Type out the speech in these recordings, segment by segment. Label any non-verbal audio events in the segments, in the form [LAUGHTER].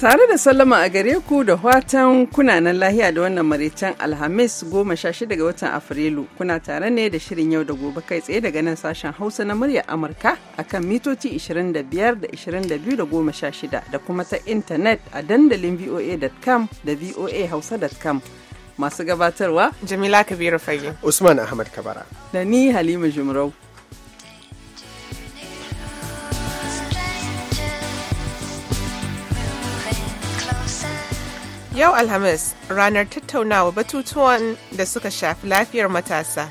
Tare da sallama a gare ku da watan kunanan lahiya da wannan maraitan Alhamis goma sha shida ga watan Afrilu. Kuna tare ne da shirin yau da gobe kai tsaye daga nan sashen Hausa na murya Amurka akan mitoci 25 da 22 da goma sha shida da kuma ta intanet a dandalin voa.com da voahausa.com. Masu gabatarwa Jamila Kabiru Fage. Usman Ahmad Kabara. Da ni Halima Jumrau. Yau Alhamis ranar tattaunawa batutuwan da suka shafi lafiyar matasa,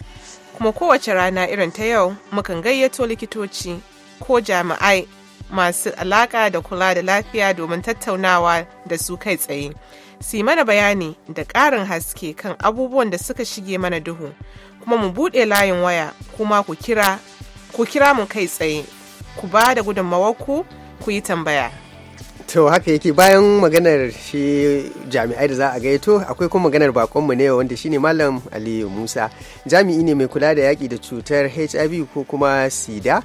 kuma kowace rana irin ta yau mukan gayyato likitoci ko jami'ai masu alaƙa da kula da lafiya domin tattaunawa da su kai tsaye. Si mana bayani da ƙarin haske kan abubuwan da suka shige mana duhu, kuma mu buɗe layin waya kuma ku kira, mu kai tsaye, ku ba da gudunmawarku ku yi tambaya. to haka yake bayan maganar shi jami'ai da za a gaito akwai kuma maganar bakonmu ne wanda shine malam aliyu musa jami'i ne mai kula da yaƙi da cutar hiv ko kuma sida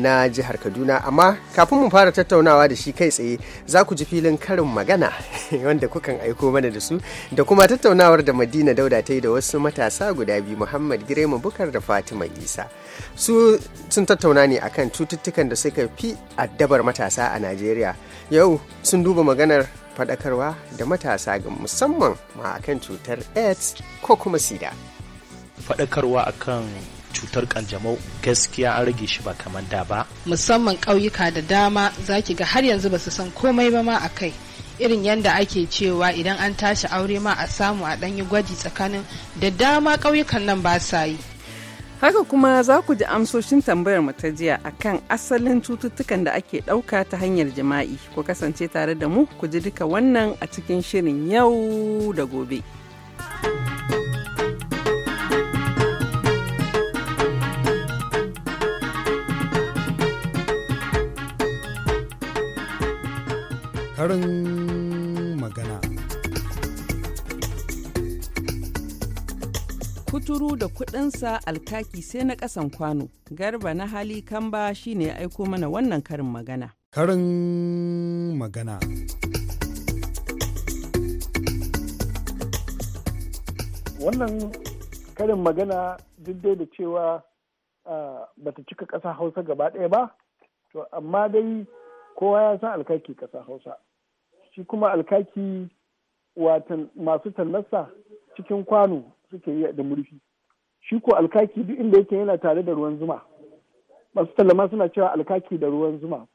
na jihar kaduna amma kafin mu fara tattaunawa da shi kai tsaye za ku ji filin karin magana [LAUGHS] wanda kukan aiko mana da su da kuma tattaunawar da madina dauda ta yi da wasu matasa guda biyu muhammad girema bukar da fatima isa su sun tattauna ne akan cututtukan da suka fi addabar matasa a najeriya yau sun duba maganar faɗakarwa da matasa ga musamman ma akan cutar aids ko kuma sida faɗakarwa akan cutar kanjamau gaskiya an rage shi ba kamar da ba musamman ƙauyuka da dama zaki ga har yanzu ba su san komai ba ma a kai irin yadda ake cewa idan an tashi aure ma a samu a ɗanyi gwaji tsakanin da dama ƙauyukan nan ba sa yi Haka kuma za ku ji amsoshin tambayar mu ta jiya akan asalin cututtukan da ake ɗauka ta hanyar jima'i. Ku kasance tare da mu ku ji duka wannan a cikin shirin yau da gobe. Karin kuturu da kudinsa alkaki sai na kasan kwano garba na hali kamba shine ya aiko mana wannan karin magana karin magana wannan karin magana duk dai da cewa bata cika ƙasa hausa gaba ɗaya ba to amma dai kowa ya san alkaki ƙasa hausa shi kuma alkaki watan masu tallarsa cikin kwano suke yi da murfi shi ko alkaki duk inda yake yana tare da ruwan zuma masu talama suna cewa alkaki da ruwan zuma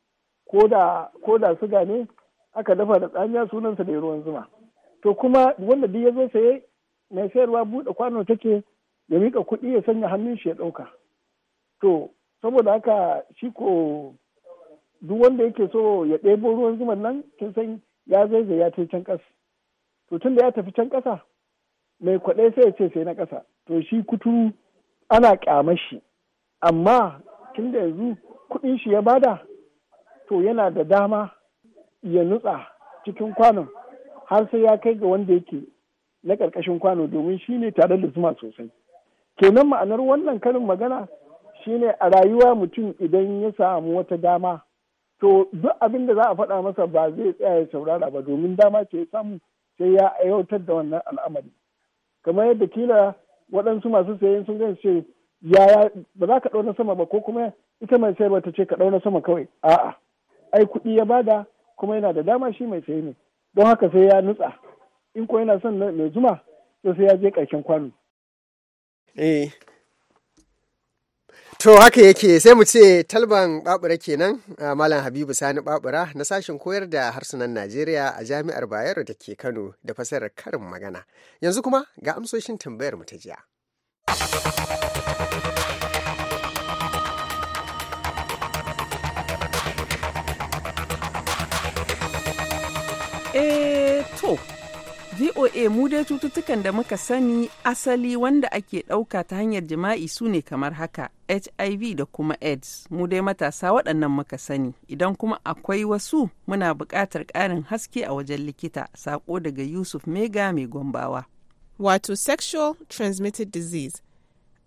ko da suga ne aka dafa da tsamiya sunansa da ruwan zuma to kuma wanda duk ya zo saye mai sayarwa buɗe kwano take ya miƙa kuɗi ya sanya hannun shi ya ɗauka to saboda haka shi ko duk wanda yake so ya ɗebo ruwan zuman nan kin san ya zaizaya tafi can ƙasa to tun da ya tafi can ƙasa mai kwaɗe sai ya ce sai na ƙasa to shi kuturu ana ƙyamashi. shi amma tun da yanzu kuɗin shi ya bada to yana da dama ya nutsa cikin kwanon har sai ya kai ga wanda yake na ƙarƙashin kwano domin shi ne tare da zuma sosai kenan ma'anar wannan karin magana shi ne a rayuwa mutum idan ya samu wata dama to duk abin da za a faɗa masa ba zai tsaya ya saurara ba domin dama ce ya samu sai ya yautar da wannan al'amari kamar yadda kila waɗansu masu sayen sun gan ce yaya ba za ka ɗauna sama ba ko kuma ita mai sayarwa ta ce ka ɗauna sama kawai a'a ai kuɗi ya bada kuma yana da dama shi mai saye ne don haka sai ya nutsa in ko yana son mai zuma sai ya je ƙarshen kwano. Eh. To haka yake sai mu ce talban babura kenan Malam Habibu Sani babura na sashen koyar da harsunan Najeriya a Jami'ar Bayero da ke Kano da fasarar karin magana. Yanzu kuma ga amsoshin tambayar mu ta jiya. Eh to VOA mu dai cututtukan da muka sani asali wanda ake ɗauka ta hanyar jima'i su ne kamar haka HIV da kuma AIDS. Mu dai matasa waɗannan muka sani. Idan kuma akwai wasu muna buƙatar ƙarin haske a wajen likita. saƙo daga Yusuf Mega mai gombawa. Wato Sexual Transmitted Disease.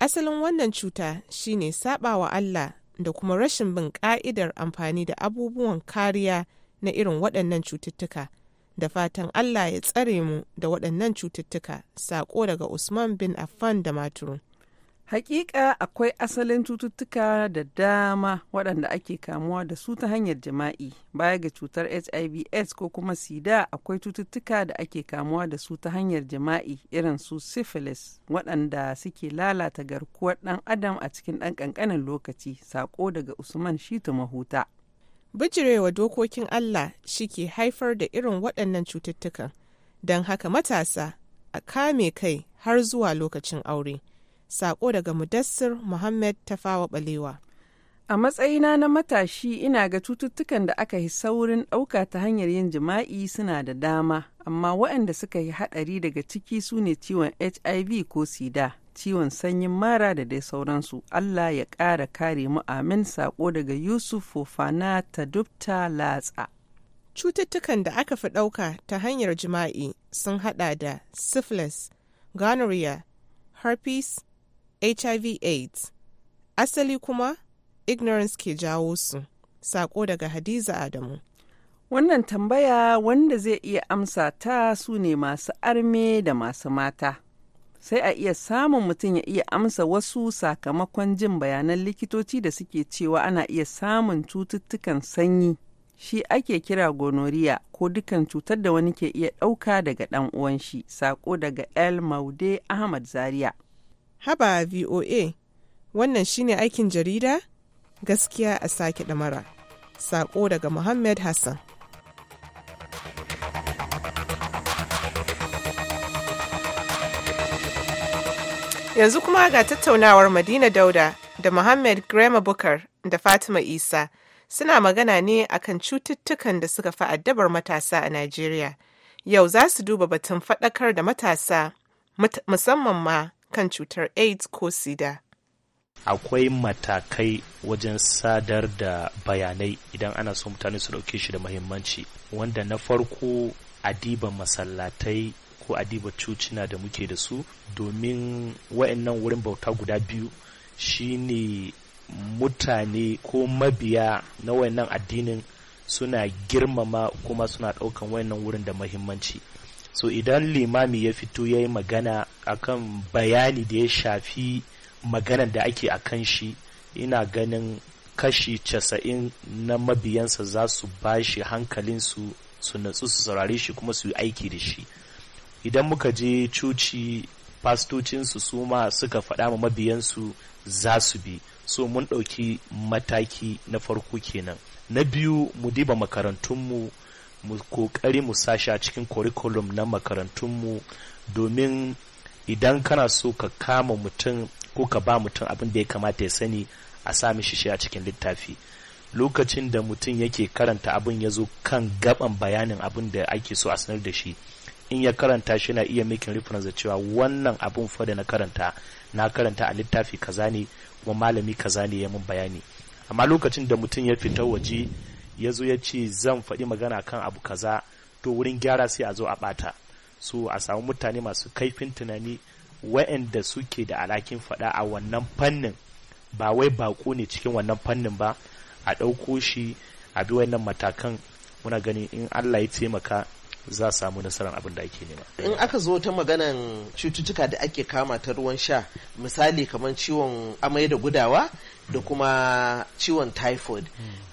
Asalin wannan cuta shine saɓawa Allah da kuma rashin bin ka'idar amfani da abubuwan kariya na irin waɗannan cututtuka. da fatan Allah ya tsare mu da waɗannan cututtuka saƙo daga Usman bin Affan da Maturu. Hakika akwai asalin cututtuka da dama waɗanda ake kamuwa da su ta hanyar jima'i. Baya ga cutar HIV ko kuma sida akwai cututtuka da ake kamuwa da su ta hanyar jima'i irin su syphilis waɗanda suke lalata garkuwar ɗan adam a cikin ɗan ƙanƙanin lokaci. saƙo daga Usman Shitu Mahuta. bijirewa dokokin Allah shi ke haifar da irin waɗannan cututtukan don haka matasa a kame kai har zuwa lokacin aure saƙo daga mudassir muhammad tafawa ɓalewa. a matsayina na matashi ina ga cututtukan da aka yi saurin ɗauka ta hanyar yin jima'i suna da dama amma waɗanda suka yi haɗari daga ciki su ne ciwon hiv ko sida ciwon sanyin mara da dai sauransu Allah ya ƙara kare mu amin sako daga Yusuf Fofana ta dubta latsa. Cututtukan da aka fi ɗauka ta hanyar jima'i sun haɗa da syphilis, gonorrhea, herpes, HIV/AIDS, asali kuma ignorance ke jawo su. Sako daga Hadiza Adamu. Wannan tambaya wanda zai iya amsa ta su ne masu arme da masu mata. sai a iya samun mutum ya iya amsa wasu sakamakon jin bayanan likitoci da suke cewa ana iya samun cututtukan sanyi shi ake kira gonoriya ko dukan cutar da wani ke iya ɗauka daga ɗan uwan shi sako daga el maude ahmad zaria haba voa wannan shine aikin jarida gaskiya a sake ɗamara sako daga muhammad hassan Yanzu kuma ga tattaunawar Madina Dauda da Muhammad Grema Bukar da Fatima Isa suna magana ne akan cututtukan da suka fi addabar matasa a Najeriya. Yau za su duba batun faɗakar da matasa musamman ma kan cutar AIDS ko SIDA. akwai matakai wajen sadar da bayanai idan ana so mutane su ɗauke shi da mahimmanci wanda na farko a diba masallatai ko adiba cocina da muke da su domin wa'annan wurin bauta guda biyu shine mutane ko mabiya na wayannan addinin suna girmama kuma suna ɗaukan wayannan wurin da mahimmanci so idan limami ya fito ya yi magana akan bayani da ya shafi maganan da ake a kan shi ina ganin kashi casa'in na mabiyansa za su bashi hankalinsu su natsu su saurare shi kuma su yi aiki da shi idan muka je coci fastocinsu su ma suka faɗa ma mabiyansu za su bi so mun ɗauki mataki na farko kenan na biyu mu diba makarantunmu mu kokari mu sasha cikin curriculum na makarantunmu domin idan kana so ka kama mutum ko ka ba mutum abin da ya kamata ya sani a sa mishi a cikin littafi lokacin da mutum yake karanta abin ya zo kan gaban bayanin abin da ake so a sanar da shi in ya karanta shi na iya making reference cewa wannan abun fa na karanta na karanta a littafi kaza ne kuma malami kaza ne ya mun bayani amma lokacin da mutum ya fita waje ya zo ya ce zan faɗi magana kan abu kaza to wurin gyara sai a zo a ɓata so a samu mutane masu kaifin tunani waɗanda suke da alakin faɗa a wannan fannin ba wai bako ne cikin wannan fannin ba a ɗauko shi a bi wannan matakan muna gani in allah ya taimaka za a samu nasarar abin da ake nema. In aka zo ta maganan cututtuka da ake kama ta ruwan sha misali kamar ciwon amai da gudawa da kuma ciwon typhoid.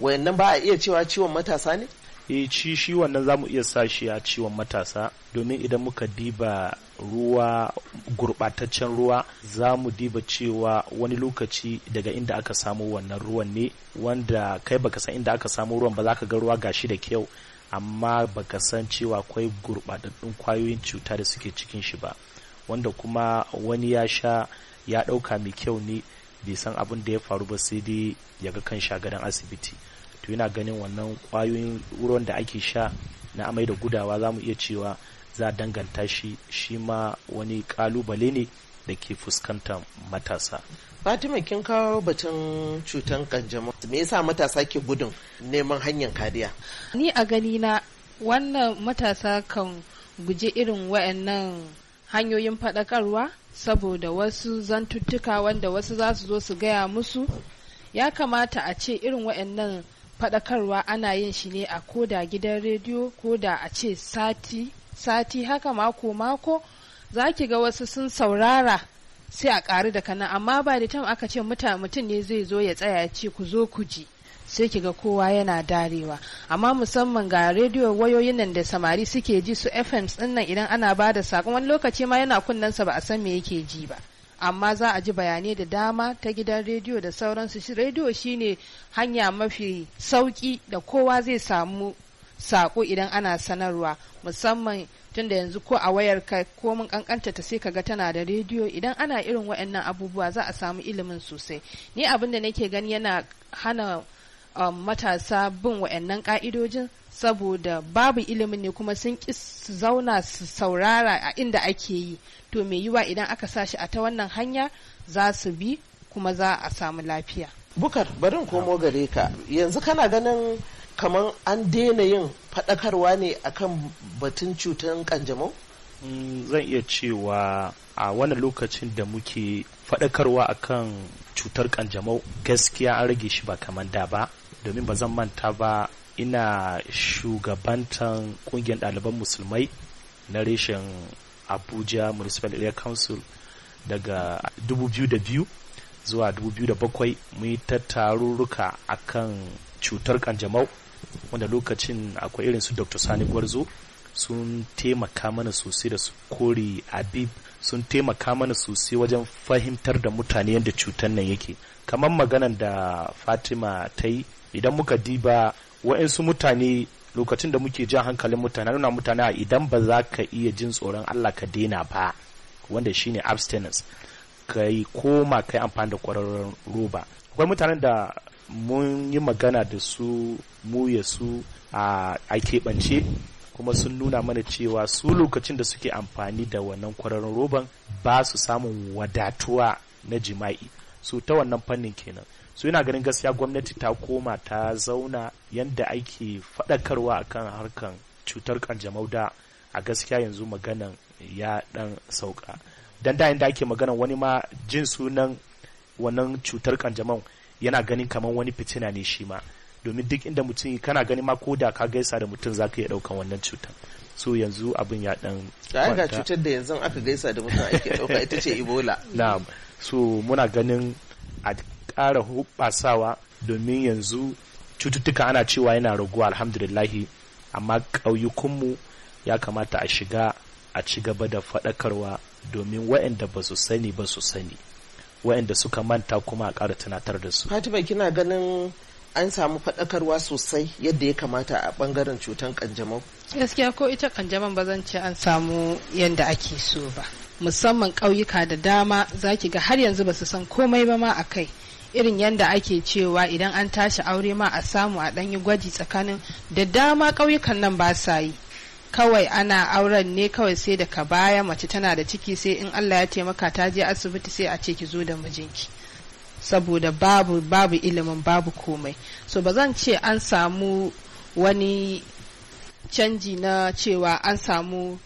Wayannan ba a iya cewa ciwon matasa ne? E ci shi wannan za mu iya sa shi a ciwon matasa domin idan muka diba ruwa gurbataccen ruwa za mu diba cewa wani lokaci daga inda aka samu wannan ruwan ne wanda kai baka san inda aka samu ruwan ba za ka ga ruwa gashi da kyau amma baka san cewa akwai gurɓatattun kwayoyin cuta da suke cikin shi ba wanda kuma wani ya sha ya ɗauka mai kyau ne bai san abin da ya faru ba sai dai ya ga kan shagadan asibiti to yana ganin wannan kwayoyin ruwan da ake sha na amai da gudawa za mu iya cewa za a danganta shi shi ma wani kalubale ne da ke fuskantar matasa Fatima kin kawo batun cutan kanjamau. Me yasa matasa ke gudun neman hanyar kariya? Ni a gani na wannan matasa kan guji irin wa'annan hanyoyin faɗakarwa saboda wasu zantuttuka wanda wasu za su zo su gaya musu. Ya kamata a ce irin wa'annan faɗakarwa ana yin shi ne a koda gidan rediyo koda a ce sati sati haka mako mako za ki ga wasu sun saurara sai a ƙaru da kana amma ba da tam aka ce mutum ne zai zo ya tsaya ce ku zo ku ji sai ki ga kowa yana darewa amma musamman ga rediyo wayoyin nan da samari suke ji su fm din nan idan ana ba da saƙon wani lokaci ma yana sa ba a san me yake ji ba amma za a ji bayanai da dama ta gidan rediyo da sauransu rediyo shine hanya mafi sauki da kowa zai samu sako idan ana sanarwa musamman tunda yanzu ko a wayar ka ko mun kankanta ta sai kaga tana da rediyo idan ana irin waɗannan abubuwa za a samu ilimin sosai ni abin da nake gani yana hana um, matasa bin waɗannan ka'idojin saboda babu ilimin ne kuma sun ki su zauna su saurara a inda ake yi to me yiwa idan aka sashi a ta wannan hanya za su bi kuma za a samu lafiya bukar barin komo gare ka yanzu kana ganin kamar an daina yin faɗakarwa ne akan batun cutar kanjamau? Mm, zan iya cewa a wani lokacin da muke faɗakarwa akan cutar kanjamau gaskiya an rage shi ba kamar da ba domin ba zan manta ba ina shugabantan ƙungiyar ɗaliban musulmai na reshen abuja municipal area council daga 2002 zuwa 2007 mun yi tattarurruka akan cutar kanjamau wanda lokacin akwai irin su dr sani gwarzo sun taimaka mana sosai da su kori abib sun taimaka mana sosai wajen fahimtar da mutane yadda cutar nan yake kamar maganan da fatima ta yi idan muka diba wa'insu mutane lokacin da muke jan hankalin mutane nuna mutane idan ba za ka iya jin tsoron allah ka daina ba wanda shine abstinence ka yi koma ka yi amfani da kwararren roba akwai mutanen da mun yi magana da su mu ya su a keɓance kuma sun nuna mana cewa su lokacin da suke amfani da wannan kwararon roban ba su samun wadatuwa na jima'i su ta wannan fannin kenan su yana ganin gaskiya gwamnati ta koma ta zauna yadda ake faɗakarwa akan harkan cutar kanjamau da a gaskiya yanzu maganan ya ɗan sauka don da ake magana wani ma jin sunan wannan cutar kanjamau yana ganin kamar wani fitina ne shi ma domin duk inda mutum kana ganin ma ko da ka gaisa da mutum za ka iya ɗaukan wannan cutar so yanzu abin ya dan ga cutar da yanzu aka gaisa da mutum ake ɗauka ita ce ebola [LAUGHS] na'am so muna ganin a ƙara hubbasawa domin yanzu cututtuka ana cewa yana raguwa alhamdulillahi amma ƙauyukunmu ya kamata a shiga a ci gaba da faɗakarwa domin waɗanda ba su sani ba su sani waɗanda suka manta kuma a ƙara tunatar da su fatima kina ganin an samu faɗakarwa sosai yadda ya kamata a ɓangaren cutar kanjamau gaskiya ko ita kanjaman ba zan ce an samu yadda ake so ba musamman ƙauyuka da dama za ki ga har yanzu ba su san komai ba ma a kai irin yadda ake cewa idan an tashi aure ma a samu a ɗanyi gwaji tsakanin da dama ƙauyukan nan ba sa yi kawai ana auren ne kawai sai da ka baya mace tana da ciki sai in Allah ya taimaka ta je asibiti sai a ce ki zo da mijinki saboda babu babu ilimin babu komai so ba zan ce an samu wani canji na cewa an samu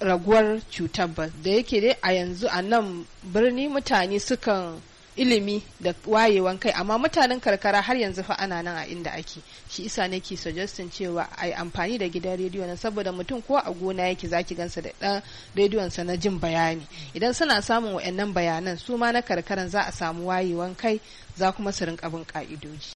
raguwar cutar ba da yake dai a yanzu a nan birni mutane sukan ilimi da wayewan kai amma mutanen karkara har yanzu fa ana nan a inda ake shi isa ne nake suggestin cewa yi amfani da gidan rediyo na saboda mutum ko a gona yake zaki gansa da dan rediyon sa na jin bayani idan suna samun wayannan bayanan su ma na karkaran za a samu wayewan kai za kuma su rinka bin ka'idoji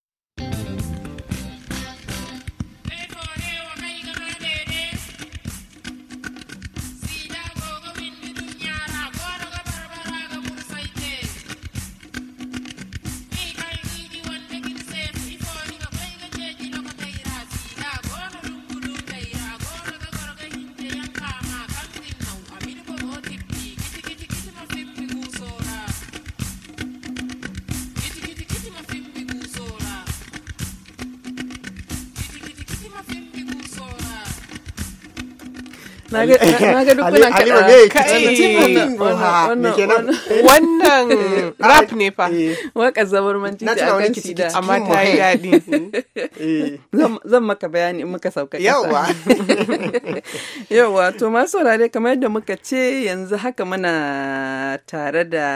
ga dukkanin kaɗa kai wannan [LAUGHS] rap ne fa eh. waka zabar manci a kan sida amma ta yi daɗi [LAUGHS] eh. zan maka bayani in muka sauka yawa yawwa [LAUGHS] to masu saurare kamar yadda muka ce yanzu haka muna tare da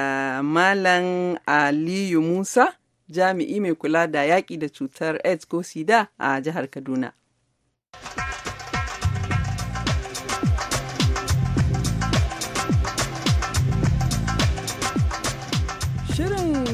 malam aliyu musa jami'i mai kula da yaƙi da cutar aids ko sida a jihar kaduna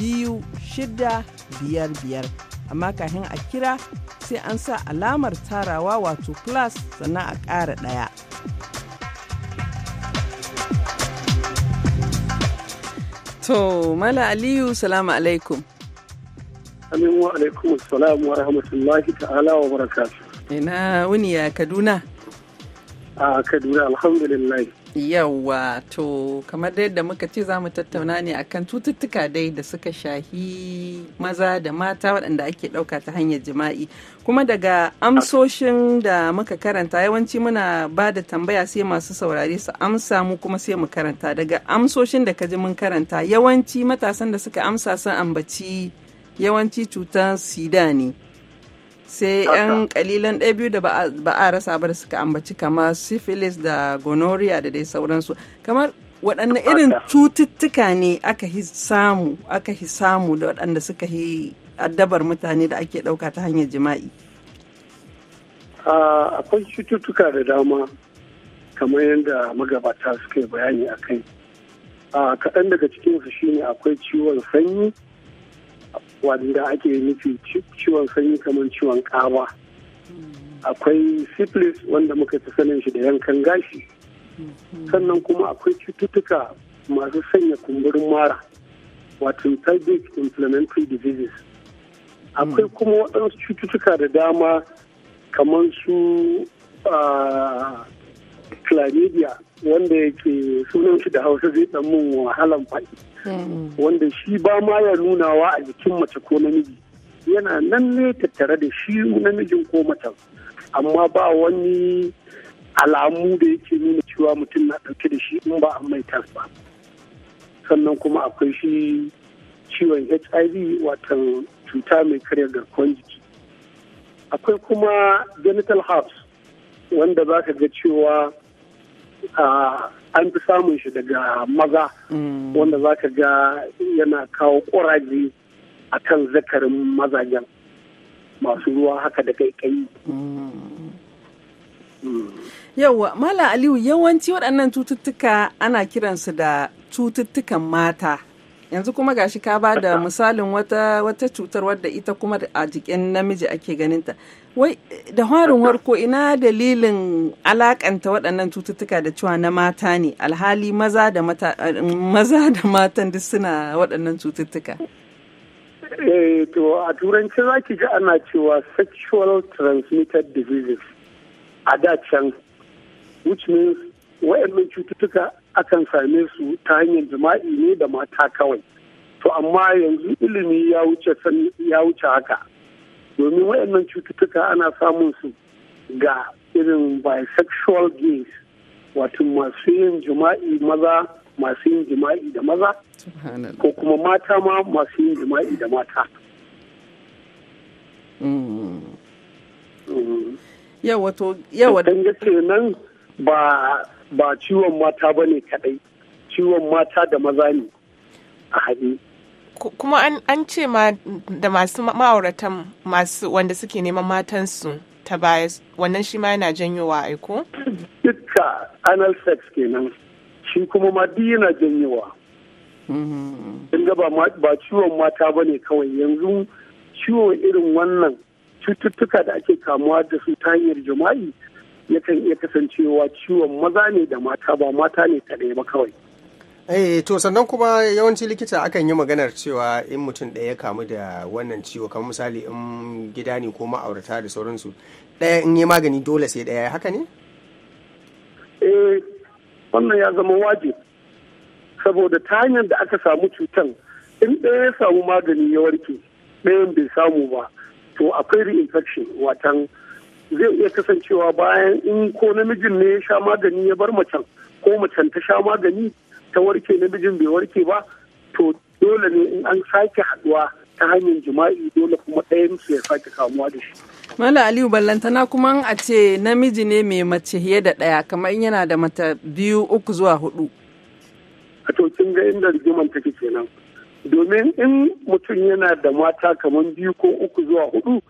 biyu biyar biyar amma kafin a kira sai an sa alamar tarawa wato plus sannan a ƙara ɗaya. To, Mala Aliyu, salamu alaikum. Amin wa alaikum salamu wa rahmatullahi ta'ala wa barakatu. Ina wuni ya Kaduna? A Kaduna, alhamdulillah. Yawwa to kamar yadda muka ce za mu tattauna ne akan cututtuka dai da suka shahi maza da mata waɗanda ake ɗauka ta hanyar jima'i. Kuma daga amsoshin da muka karanta yawanci muna ba da tambaya sai masu saurare su amsa mu kuma sai mu karanta. Daga amsoshin da ka ji mun karanta yawanci matasan da suka amsa sun ambaci yawanci cutar sida ne. sai yan kalilan ɗaya biyu da ba a rasa ba da suka ambaci kamar syphilis da gonorrhea da dai sauransu kamar waɗanne irin cututtuka ne aka hi samu aka hi samu da waɗanda suka hi addabar mutane da ake ɗauka ta hanyar jima'i akwai cututtuka da dama kamar yadda magabata suka yi bayani a kai kaɗan daga cikinsu shine akwai ciwon sanyi wanda ake nufi ciwon sanyi kamar ciwon kawa akwai syphilis wanda muka fi sanin shi da yankan gashi sannan kuma akwai cututtuka masu sanya kumburin mara wato pelvic inflammatory diseases akwai hmm. kuma waɗansu cututtuka da dama kamar su chlamydia wanda yake sunan shi da hausa zai ɗan mun wahalan faɗi Mm. wanda shi ba ma ya nunawa a jikin mace ko namiji yana nan ne tattare da shi namijin ko macen amma ba wani alamu da yake nuna cewa mutum na ɗauke da shi in ba a mai ba sannan kuma akwai shi ciwon hiv watan cuta mai karya garkuwar jiki akwai kuma genital herpes wanda za ka ga cewa ah, an fi samun shi daga maza mm. wanda za ka ga yana kawo ƙuraje a kan zakarin mazajen masu ruwa haka da kai mm. mm. Yawwa, Mala Aliyu yawanci waɗannan cututtuka ana kiransu da cututtukan mata. yanzu kuma gashi ka ba da misalin wata wata cutar wadda ita kuma a jikin namiji ake ganinta wai da harin warko ina dalilin alakanta waɗannan cututtuka da cewa na mata ne alhali maza da mata eh, maza da matan duk suna waɗannan cututtuka eh, to a turanci za ki ga ana cewa sexual transmitted diseases a da can which means waɗannan cututtuka akan same su ta hanyar jima'i ne da mata kawai to amma yanzu ilimi ya wuce ya wuce haka domin wayannan cututtuka ana samun su ga irin bisexual gays wato masu yin jima'i maza masu yin jima'i da maza ko kuma mata ma masu yin jima'i da mata mm. mm. yawa to yawa dan nan ba ba ciwon mata ba ne kadai ciwon mata da maza ne a haɗe kuma an ce ma da masu ma'auratan masu wanda suke neman matansu ta baya wannan shi ma yana janyowa aiko? dukka anal sex kenan shi kuma ma duk yana janyowa mm-hmm. in ba ciwon mata ba ne kawai yanzu ciwon irin wannan cututtuka da ake kamuwa da su ta hanyar jima'i yakan iya kasancewa ciwon maza ne da mata ba mata ne ta ba kawai. Eh to sannan kuma yawanci likita akan yi maganar cewa in mutum ɗaya ya kamu da wannan ciwo kamar misali in gida ne ko ma'aurata da sauransu ɗaya in yi magani dole sai ɗaya haka ne? Eh wannan ya zama waje saboda ta hanyar da aka samu cutan in ɗaya ya samu magani ya warke ɗayan bai samu ba to akwai reinfection watan zai iya kasancewa bayan in ko namijin ne ya sha magani ya bar macen ko macen ta sha magani ta warke namijin bai warke ba to dole ne in an sake haduwa ta hanyar jima'i dole kuma ɗayan su ya sake kamuwa da shi. Mala Aliyu na kuma a ce namiji ne mai mace fiye da ɗaya kamar yana da mata biyu uku zuwa hudu. A to kin ga inda rigiman take kenan. Domin in mutum yana da mata kamar biyu ko uku zuwa hudu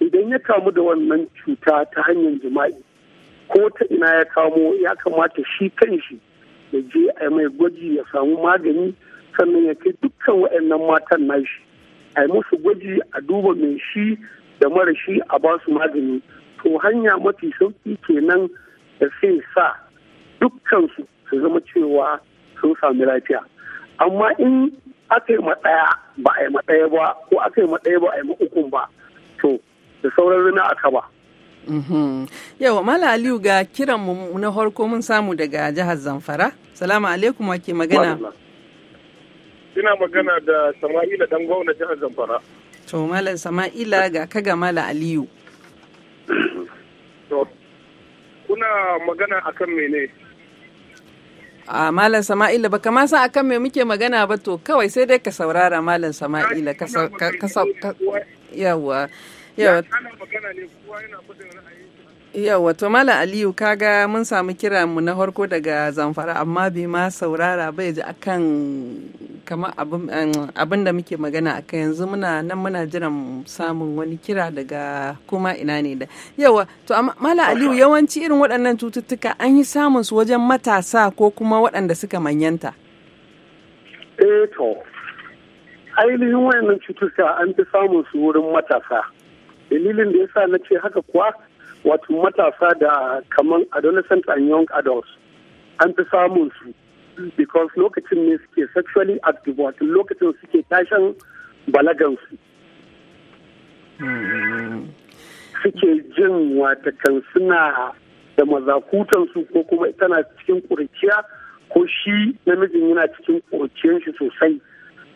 idan ya kamu da wannan cuta ta hanyar jima'i ko ta ina ya kamo ya kamata shi kan shi ya je a mai gwaji ya samu magani sannan ya kai dukkan waɗannan matan nashi a yi musu gwaji a duba mai shi da mara shi a ba su magani to hanya mafi sauki kenan da sai sa dukkansu su zama cewa sun sami lafiya amma in aka yi matsaya ba a yi maɗaya ba ko aka yi matsaya ba a yi ukun ba to da sauran rina a kaba. Mhm. Yawa Mala Aliyu ga kiran mu na harko mun samu daga jihar Zamfara. Salamu alaikum wa ke magana. Ina magana da Sama'ila dan gwamna jihar Zamfara. To Malam Sama'ila ga kaga Mala Aliyu. To kuna magana akan mene? A Malam Sama'ila ba kama san akan me muke magana ba to kawai sai dai ka saurara Malam Sama'ila ka yawa. yawa yawa to mala aliyu kaga mun samu kira mu na harko daga zamfara amma bai ma saurara bai ji akan kama abin da muke magana akan yanzu muna nan muna jiran samun wani kira daga kuma ina ne da yawa to mala aliyu yawanci irin waɗannan cututtuka an yi samun su wajen matasa ko kuma waɗanda suka manyanta eh to ainihin wayannan cututtuka an fi samun su wurin matasa dalilin da ya sa na ce haka kuwa wato matasa da kaman adolescent and young adults an fi samun su because lokacin ne suke sexually active wato lokacin suke tashin balagansu suke jin watakan suna da mazakutansu ko kuma tana cikin kuriciya ko shi namijin yana cikin kuriciyan sosai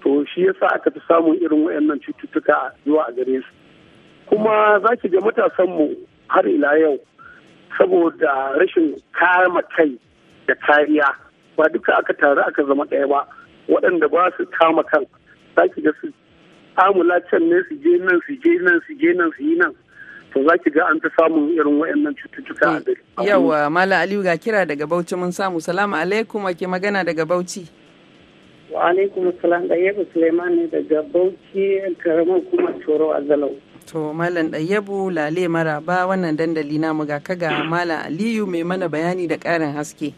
to shi yasa aka fi samun irin waɗannan cututtuka zuwa a gare su kuma za ki ga matasanmu har ila yau saboda rashin kama kai da kariya ba duka aka taru aka zama ɗaya ba waɗanda ba su kama kan za ki ga su amula can ne su je nan su je nan su je nan su yi nan to za ki ga an ta samun irin waɗannan cututtuka a gari. yawa mala aliyu ga kira daga bauchi mun samu salamu alaikum ake magana daga bauchi. wa alaikum salam da yabu suleiman ne daga bauchi karamar kuma toro a zalau. to malam ɗayyabu lale maraba wannan dandali namu ga kaga malam aliyu mai mana bayani da ƙarin haske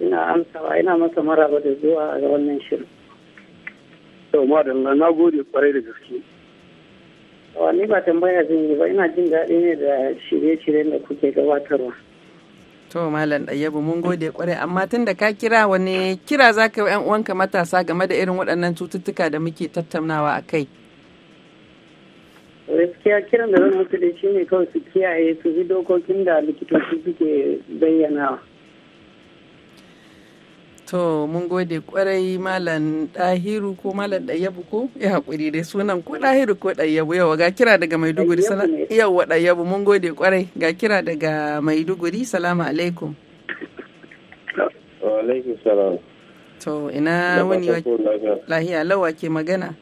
ina amsawa ina masa maraba da zuwa ga wannan shirin to madalla na gode kwarai da gaske ni ba tambaya zan yi ba ina jin daɗi ne da shirye-shiryen da kuke gabatarwa to malam ɗayyabu mun gode kwarai amma tun da ka kira wani kira za ka yi uwanka matasa game da irin waɗannan cututtuka da muke tattaunawa a kai gaskiya kiran da zan musu da shi ne kawai su kiyaye su bi dokokin da likitoci suke bayyanawa To mun gode kwarai Malam ɗahiru ko Malam Ɗayyabu ko ya haƙuri dai sunan ko ɗahiru ko Ɗayyabu yawa ga kira daga Maiduguri yawa Ɗayyabu mun gode kwarai ga kira daga Maiduguri salamu alaikum. Wa alaikum salam. To ina wani lahiya lawa ke magana.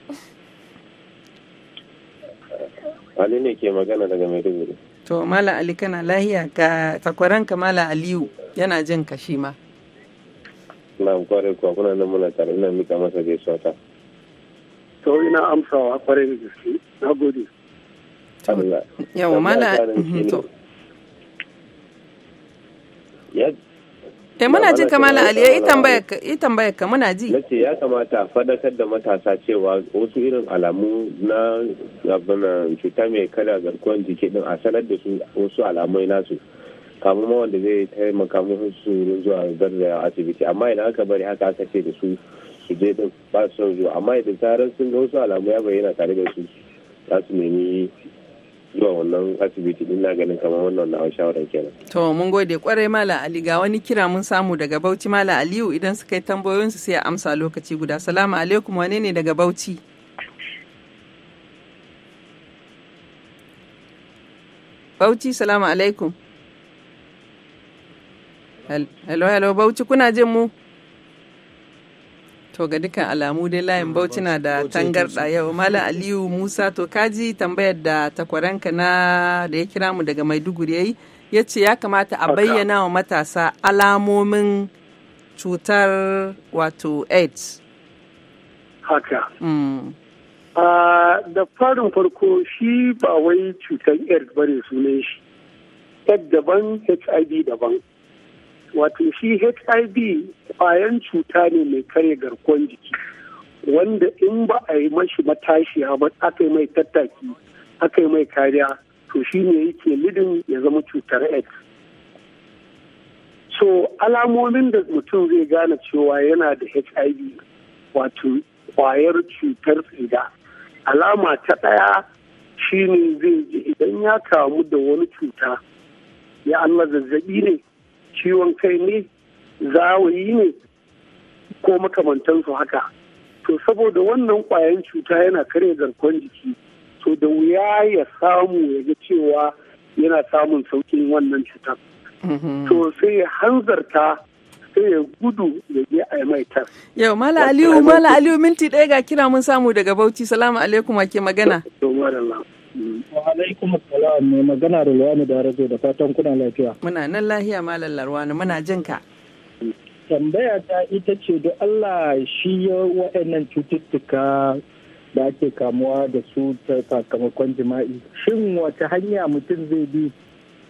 Ali ne ke magana daga Maiduguri. To Mala Ali kana lahiya ka takwaranka Mala Aliyu yana jin ka shi ma. Na kware kuwa kuna nan muna tare ina mika masa gaisuwa ta. To ina amsawa kware da gaske. Na gode. Yawa Mala mhm, to. Eh muna jin kamala Ali eh, ya yi eh, tambayar ka muna ji. Nace ya kamata fadakar da matasa cewa wasu irin alamu na abin cuta mai kada garkuwar jiki din a sanar da su wasu alamai nasu. kamar ma wanda zai taimaka musu su zuwa garzaya asibiti amma idan aka bari haka aka ce da su su je din ba su zuwa amma idan taron sun ga wasu alamu ya bayyana tare da su za su nemi zuwa wannan asibiti din na ganin kamar wannan na shawaran kenan. To mun gode kwarai Mala Ali ga wani kira mun samu daga Bauchi Mala Aliyu idan suka yi tambayoyin su sai a amsa lokaci guda. Salamu alaikum wane ne daga Bauchi? Bauchi salamu alaikum. Hello hello Bauchi kuna jin mu? To ga dukkan alamu dai layin mm, Bauchi na da tangarɗa yau. Malam Aliyu Musa to kaji tambayar da takwaranka na da ya kira mu daga Maiduguri yayi ya ce ya kamata a bayyana wa matasa alamomin cutar wato AIDS. Haka. Mm. da farin farko shi ba wai cutar AIDS bane sunan shi. daban HIV daban. wato shi hiv kwayan cuta ne mai karya garkuwan jiki wanda in ba a yi mashi matashiya ba aka yi mai tattaki aka yi mai kariya to shi ne yake lidin ya zama cutar x so alamomin da mutum zai gane cewa yana da hiv wato kwayar cutar tsida alama ta ɗaya shine zai ji idan ya kamu da wani cuta ya allah zazzabi ne ciwon kai ne zawayi ne ko makamantansu haka to saboda wannan kwayan cuta yana karya garkon jiki to da wuya ya samu ya ga cewa yana samun saukin wannan cutar mm-hmm. to sai ya hanzarta sai ya gudu da je a mai tas yau mala aliyu mala aliyu minti ɗaya ga kira mun samu daga bauchi salamu alaikum ake magana alaikum assalam mai magana da Luwani da Razo da fatan kuna lafiya. Muna nan lahiya malam Larwani muna jin ka. Tambaya ta ita ce da Allah shi ya waɗannan cututtuka da ake kamuwa da su ta sakamakon jima'i. Shin wata hanya mutum zai bi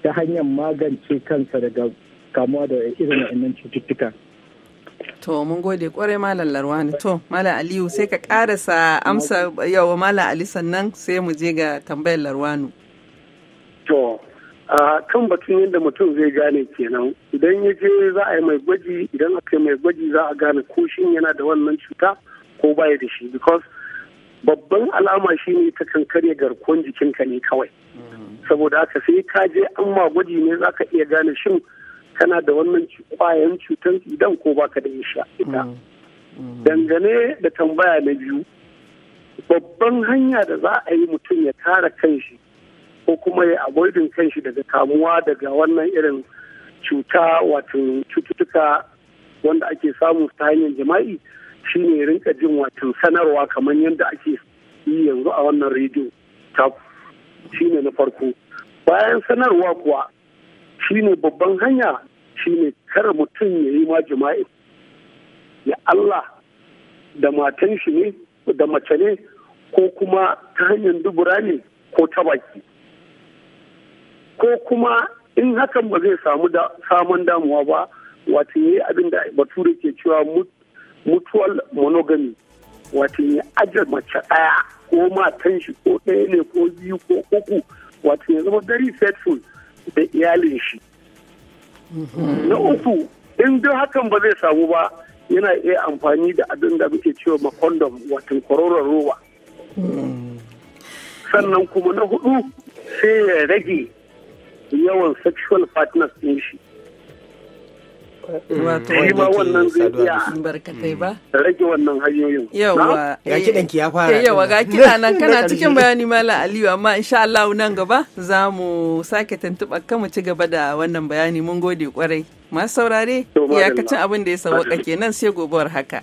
ta hanyar magance kansa daga kamuwa da irin waɗannan cututtuka? To mun gode kwarai Malam Larwani. To Malam Aliyu sai ka karasa amsa yau Malam Ali sannan sai mu je ga tambayar Larwanu. To a kan batun yadda mutum zai gane kenan idan ya je za a yi mai gwaji idan aka yi mai gwaji za a gane ko shin yana da wannan cuta ko baya da shi because babban alama shine ta kan karya garkuwan jikinka ne kawai mm. saboda haka sai ka je an ma gwaji ne za ka iya gane shin kana da wannan kwayan cutar idan ko baka da ita mm. dangane da tambaya na biyu babban hanya da za a yi mutum ya kare kanshi ko kuma ya avoidin kanshi daga kamuwa daga wannan irin cuta wato cututtuka wanda ake samu ta hanyar jima'i shine rinka jin wato sanarwa kamar yadda ake yi yanzu a wannan rediyo ta ne na farko bayan sanarwa kuwa shine babban hanya shine kar mutum ya yi ma jima'i ya Allah da matan shi ne da mace ne ko kuma ta hanyar dubura ne ko ta baki ko kuma in hakan ba zai samu samun damuwa ba wato yi abin da bature ke cewa mutual monogamy wato yi aje mace ɗaya ko matan shi ko ɗaya ne ko biyu ko uku wato ya zama very faithful da iyalin shi na uku in duk hakan ba zai samu ba yana iya amfani da abin da muke cewa ma condom wato kwaroron roba sannan kuma na hudu sai ya rage yawan sexual partners din shi wato eh, wanda ke saduwa barkatai ba rage wannan hanyoyin yawa eh, ya fara eh, yawa ga nan [LAUGHS] kana cikin bayani malam Aliyu amma insha Allah nan gaba za mu sake tuntuɓa kan mu ci gaba da wannan bayani mun gode kwarai masu saurare iyakacin abin da ya sauwaƙa [LAUGHS] kenan sai gobe haka